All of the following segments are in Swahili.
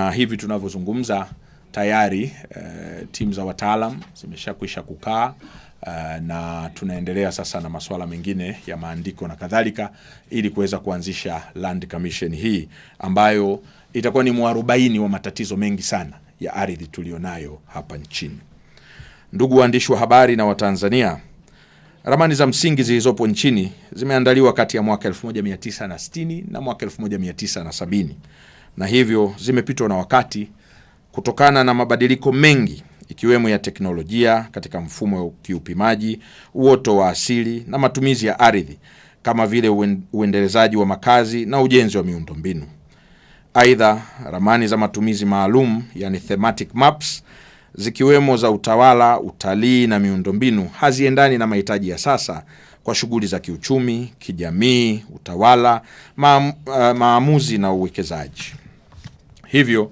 Na hivi tunavyozungumza tayari e, timu za wataalam zimeshakwisha kukaa e, na tunaendelea sasa na masuala mengine ya maandiko na kadhalika ili kuweza kuanzisha Land Commission hii ambayo itakuwa ni mwarobaini wa matatizo mengi sana ya ardhi tuliyonayo hapa nchini. Ndugu waandishi wa habari na Watanzania, ramani za msingi zilizopo nchini zimeandaliwa kati ya mwaka 1960 na mwaka 1970 na hivyo zimepitwa na wakati kutokana na mabadiliko mengi ikiwemo ya teknolojia katika mfumo wa kiupimaji, uoto wa asili na matumizi ya ardhi kama vile uendelezaji wa makazi na ujenzi wa miundombinu. Aidha, ramani za matumizi maalum yani thematic maps zikiwemo za utawala, utalii na miundombinu haziendani na mahitaji ya sasa kwa shughuli za kiuchumi, kijamii, utawala, eh, maamuzi na uwekezaji. Hivyo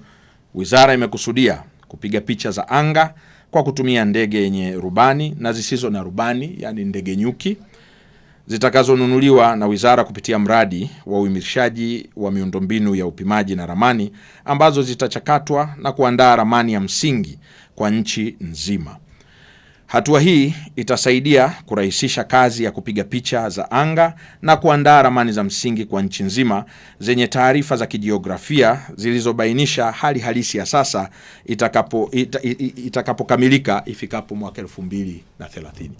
wizara imekusudia kupiga picha za anga kwa kutumia ndege yenye rubani na zisizo na rubani, yani ndege nyuki zitakazonunuliwa na wizara kupitia mradi wa uimirishaji wa miundombinu ya upimaji na ramani ambazo zitachakatwa na kuandaa ramani ya msingi kwa nchi nzima. Hatua hii itasaidia kurahisisha kazi ya kupiga picha za anga na kuandaa ramani za msingi kwa nchi nzima zenye taarifa za kijiografia zilizobainisha hali halisi ya sasa itakapokamilika itakapo ifikapo mwaka thelathini.